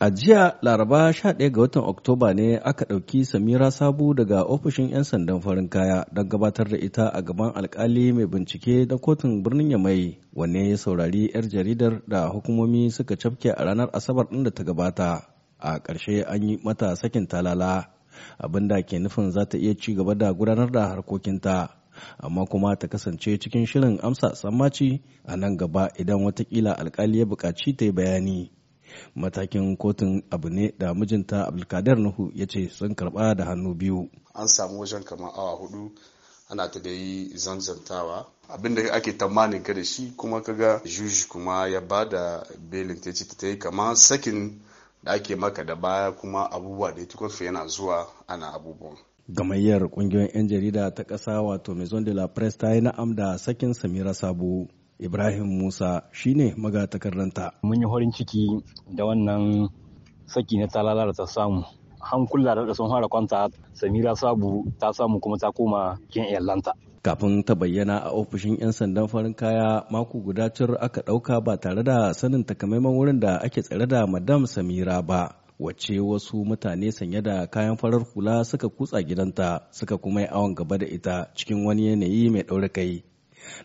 A jiya Laraba 11 ga watan Oktoba ne aka ɗauki Samira Sabu daga ofishin 'yan sandan farin kaya don gabatar da ita a gaban alkali mai bincike na kotun birnin Yamai wanne ya saurari 'yar jaridar da hukumomi suka cafke a ranar Asabar ɗin da ta gabata. A ƙarshe an yi mata sakin talala abin da ke nufin za ta iya ci gaba da gudanar da harkokinta. amma kuma ta kasance cikin shirin amsa sammaci a nan gaba idan watakila alkali ya buƙaci ta yi bayani. matakin kotun abu ne da mijinta abdulkadir nuhu ya ce sun karba da hannu biyu an samu wajen kamar awa hudu ana ta da yi zanzantawa abinda ake tamanin ka da shi kuma kaga juji kuma ya ba da belin ta ce ta yi kama sakin da ake maka da baya kuma abubuwa da ya yana zuwa ana abubuwan gamayyar kungiyoyin 'yan jarida ta ƙasa wato maison de la presse ta yi na'am da sakin samira sabo Ibrahim Musa shine magatakarranta. Mun yi horin ciki da wannan saki na talala da ta samu. Hankula da sun fara kwanta Samira Sabu ta samu kuma ta koma kin yallanta. Kafin ta bayyana a ofishin 'yan sandan farin kaya mako guda cir aka ɗauka ba tare da sanin takamaiman wurin da ake tsare da Madam Samira ba. wacce wasu mutane sanye da kayan farar hula suka kutsa gidanta suka kuma yi awon gaba da ita cikin wani yanayi mai ɗaure kai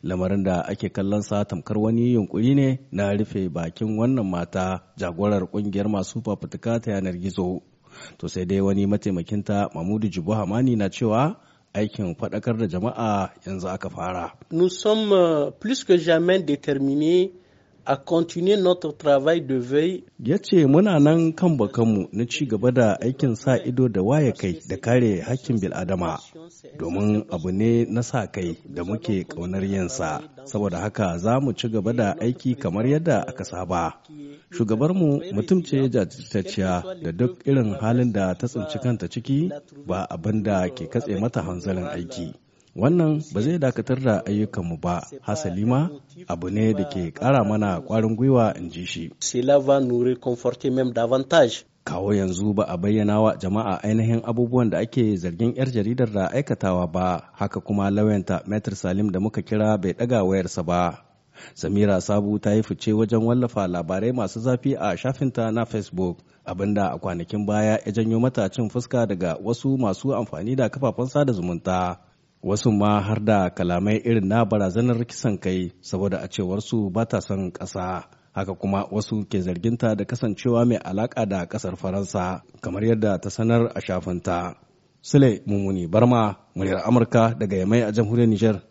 lamarin da ake kallon sa tamkar wani yunkuri ne na rufe bakin wannan mata jagorar kungiyar masu fafutuka ta yanar gizo to sai dai wani mataimakinta mamudu jibo hamani na cewa aikin faɗakar da jama'a yanzu aka fara nous sommes euh, plus que a continuer notre travail de veille. Ya ce muna nan kan bakanmu na ci gaba da aikin sa ido da waye kai da kare hakkin bil'adama. domin abu ne na sa kai da muke ƙaunar yinsa saboda haka za mu ci gaba da aiki kamar yadda aka saba shugabarmu mutum ce jajirtacciya da duk irin halin da ta tsinci kanta ciki ba abin da ke katse mata hanzarin aiki wannan ba zai dakatar da ayyukanmu ba hasali ma abu ne da ke kara mana kwarin gwiwa in ji shi kawo yanzu ba a bayyana wa jama'a ainihin abubuwan da ake zargin 'yar jaridar da aikatawa ba haka kuma lauyanta metr salim da muka kira bai ɗaga wayarsa ba samira sabu ta yi fice wajen wallafa labarai masu zafi a shafinta na facebook abinda a kwanakin baya ya janyo mata cin fuska daga wasu masu amfani da kafafen sada zumunta wasu ma har da kalamai irin na barazanar kisan kai saboda a cewarsu ba ta son ƙasa haka kuma wasu ke zarginta da kasancewa mai alaka da kasar faransa kamar yadda ta sanar a shafinta sule mummuni barma muryar amurka daga yamai a jamhuriyar nijar